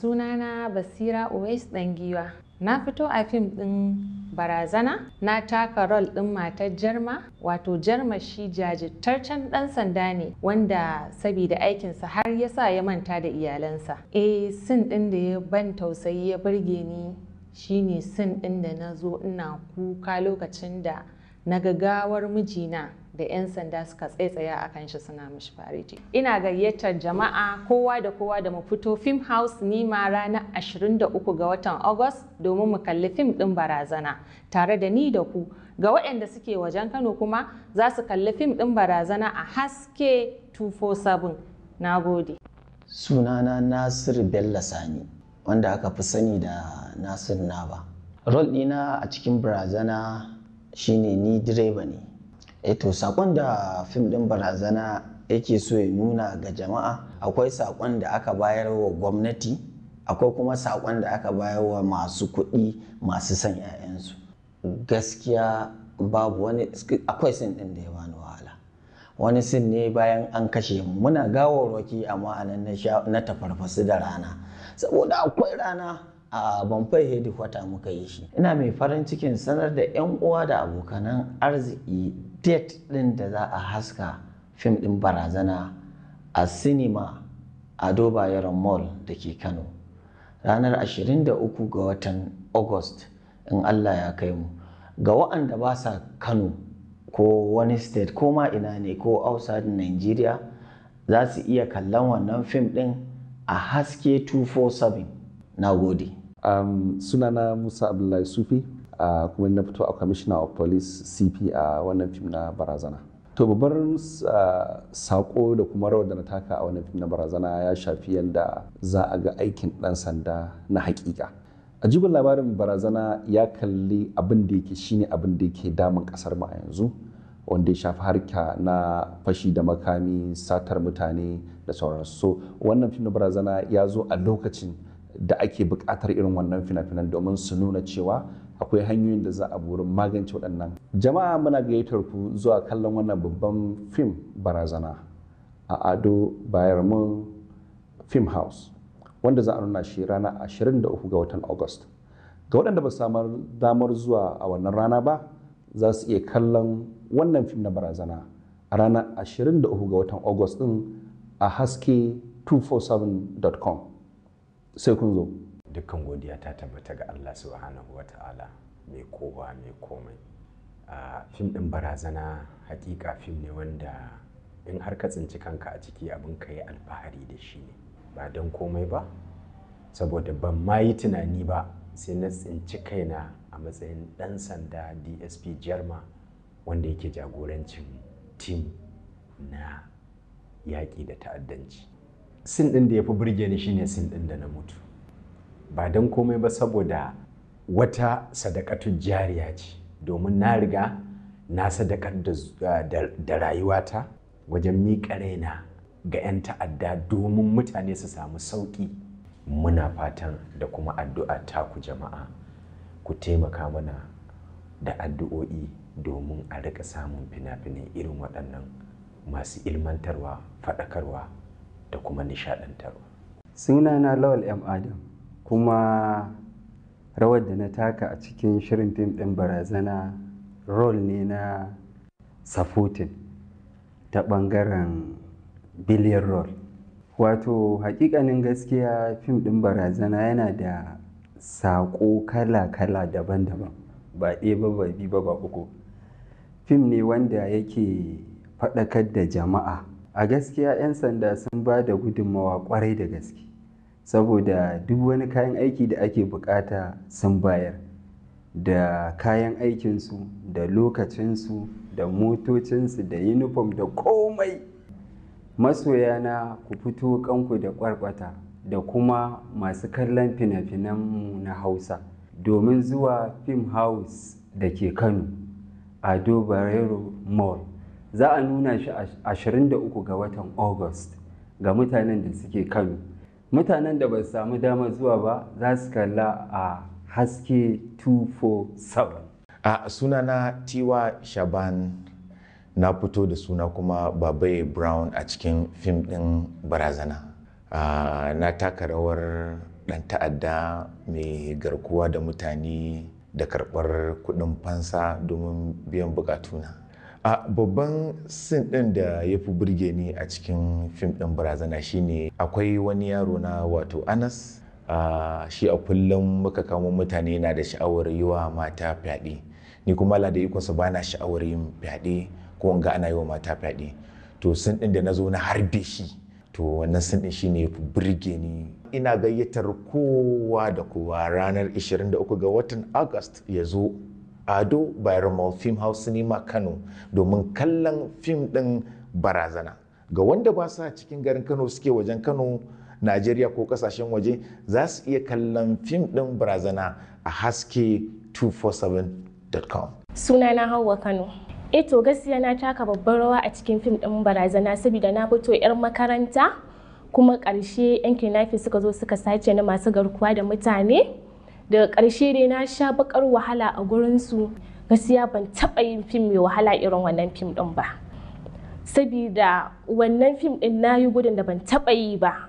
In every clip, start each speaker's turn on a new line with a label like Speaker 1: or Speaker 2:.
Speaker 1: sunana Basira Uwais Dangiwa. Na fito a fim ɗin barazana na taka rol ɗin matar jarma wato jarma shi jajirtaccen ɗan sanda ne wanda sabida aikinsa har ya sa ya manta da iyalansa. Eh sin ɗin da ya ban tausayi ya burge ni shine sin ɗin da na zo ina kuka lokacin da na gagawar mijina da 'yan sanda suka tsaye-tsaye a kan shi suna mishi fariji. Ina gayyatar jama'a kowa da kowa da mu fito Film House ma ranar 23 ga watan August domin mu kalli fim ɗin barazana tare da ni da ku. Ga waɗanda suke wajen Kano kuma za su kalli fim ɗin barazana a haske 247. Na gode.
Speaker 2: Sunana Nasir Bello Sani wanda aka fi sani da Nasir Naba. Rol ɗina a cikin barazana shine ni direba ne. eh to sakon da fim din barazana yake so ya nuna ga jama'a akwai sakon da aka bayar wa gwamnati akwai kuma sakon da aka bayar wa masu kuɗi masu son 'ya'yansu gaskiya babu wani akwai sin din da ya bani wahala wani sin ne bayan an kashe mu muna gawarwaki amma a nan na tafarfasu da rana saboda akwai rana a bamfai hedi kwata muka yi shi ina mai farin cikin sanar da 'yan uwa da abokanan arziki state ɗin da za a haska fim ɗin barazana a sinima a yaron mall da ke kano ranar 23 ga watan august in allah ya kai mu ga wa'anda ba sa kano ko wani state ko ma ina ne ko outside nigeria za su iya kallon wannan fim ɗin a haske 247
Speaker 3: na gode um, sunana musa abdullahi sufi kuma na fito a commissioner of police cp a wannan fim na barazana to babbar sako da kuma rawar da na taka a wannan fim na barazana ya shafi yadda za a ga aikin ɗan sanda na haƙiƙa. a jibin labarin barazana ya kalli abin da yake shine abin da yake damun ƙasar mu a yanzu wanda ya shafi harka na fashi da makami satar mutane da sauransu so wannan fim na barazana ya zo a lokacin da ake buƙatar irin wannan fina-finan domin su nuna cewa akwai hanyoyin da za a burin magance waɗannan jama'a muna gayyatar ku zuwa kallon wannan babban fim barazana a ado bayarmu film house wanda za a nuna shi rana 23 ga watan august ga waɗanda ba samar damar zuwa a wannan rana ba za su iya kallon wannan fim na barazana a ranar 23 ga watan august din a haske 247.com sai kun zo
Speaker 4: dukkan godiya ta tabbata ga Allah subhanahu wa ta'ala mai kowa mai komai fim ɗin barazana hakika fim ne wanda in har ka tsinci kanka a ciki abin ka yi alfahari da shi ne ba don komai ba saboda ban ma yi tunani ba sai na tsinci kaina a matsayin ɗan sanda dsp jerma wanda yake jagorancin tim na yaƙi da ta'addanci sin ɗin da ya fi burge ni shine sin ɗin da na mutu ba don komai ba saboda wata sadakatu jariya ce domin na riga na sadakar da rayuwata wajen miƙa raina ga 'yan ta'adda domin mutane su samu sauƙi muna fatan da kuma addu'a ta ku jama'a ku taimaka mana da addu'o'i domin a rika samun fina-finai irin waɗannan masu ilmantarwa faɗakarwa da kuma nishaɗantarwa
Speaker 5: sunana lawal m adam kuma rawar da na taka a cikin shirin fim ɗin barazana rol ne na supporting ta ɓangaren billion role wato hakikanin gaskiya fim ɗin barazana yana da saƙo kala-kala daban-daban ba ɗaya ba ba biyu ba ba uku fim ne wanda yake faɗakar da jama'a a gaskiya 'yan sanda sun ba da gudunmawa ƙwarai da gaske saboda duk wani kayan aiki da ake buƙata sun bayar da kayan aikinsu da lokacinsu da motocinsu da uniform da komai masoya na ku fito kanku da ƙwarƙwata da kuma masu kallon fina-finanmu na hausa domin zuwa film house da ke kano ado barero mall za a nuna shi 23 ga watan august ga mutanen da suke kano mutanen da ba su samu dama zuwa ba za su kalla a haske 247
Speaker 6: a na tiwa shaban na fito da suna kuma babai brown a cikin fim ɗin barazana a na taka rawar ɗan ta'adda mai garkuwa da mutane da karɓar kuɗin fansa domin biyan bukatuna. a babban sin ɗin da ya fi burge ni a cikin fim ɗin barazana shine akwai wani yaro na wato anas shi a kullum muka kamo mutane na da sha'awar yi wa mata fyaɗe ni kuma la da ikonsa ba na sha'awar yin fyaɗe ko in ga ana yi wa mata fyaɗe to sin ɗin da na zo na harbe shi to wannan sin ɗin shine ya fi burge ni ina gayyatar kowa da kowa ranar 23 ga watan august ya zo ado bayarmal film house cinema kano domin kallon fim din barazana ga wanda ba sa cikin garin kano suke wajen kano najeriya ko kasashen waje za su iya kallon fim din barazana a haske 247.com
Speaker 1: suna na hauwa kano e to gaskiya na taka babbar rawa a cikin fim din barazana saboda na fito 'yar makaranta kuma ƙarshe 'yan kinafi suka zo suka sace na masu garkuwa da mutane daga ƙarshe dai na sha bakar wahala a gurinsu gaskiya ban taɓa yin fim mai wahala irin wannan fim ɗin ba sabida wannan fim ɗin na yi gudun da ban taɓa yi ba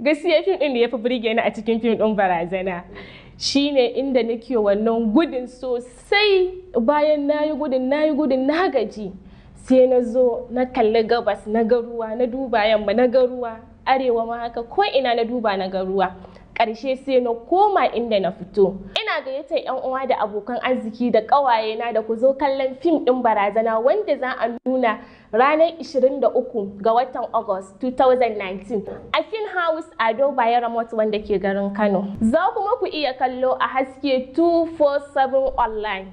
Speaker 1: gaskiya fim ɗin da ya fi burge ni a cikin fim ɗin barazana shine inda nake wannan gudun sosai bayan na yi gudun na yi gudun na gaji sai na zo na kalli gabas na garuwa na duba yamma na garuwa arewa ma haka ko ina na duba na garuwa Karshe sai na koma inda na fito ina gayyata yan uwa da abokan arziki da ƙawaye na da ku zo kallon fim ɗin barazana wanda za a nuna ranar 23 ga watan august 2019 a fin house ado bayan remote wanda ke garin kano za kuma ku iya kallo a haske 247 online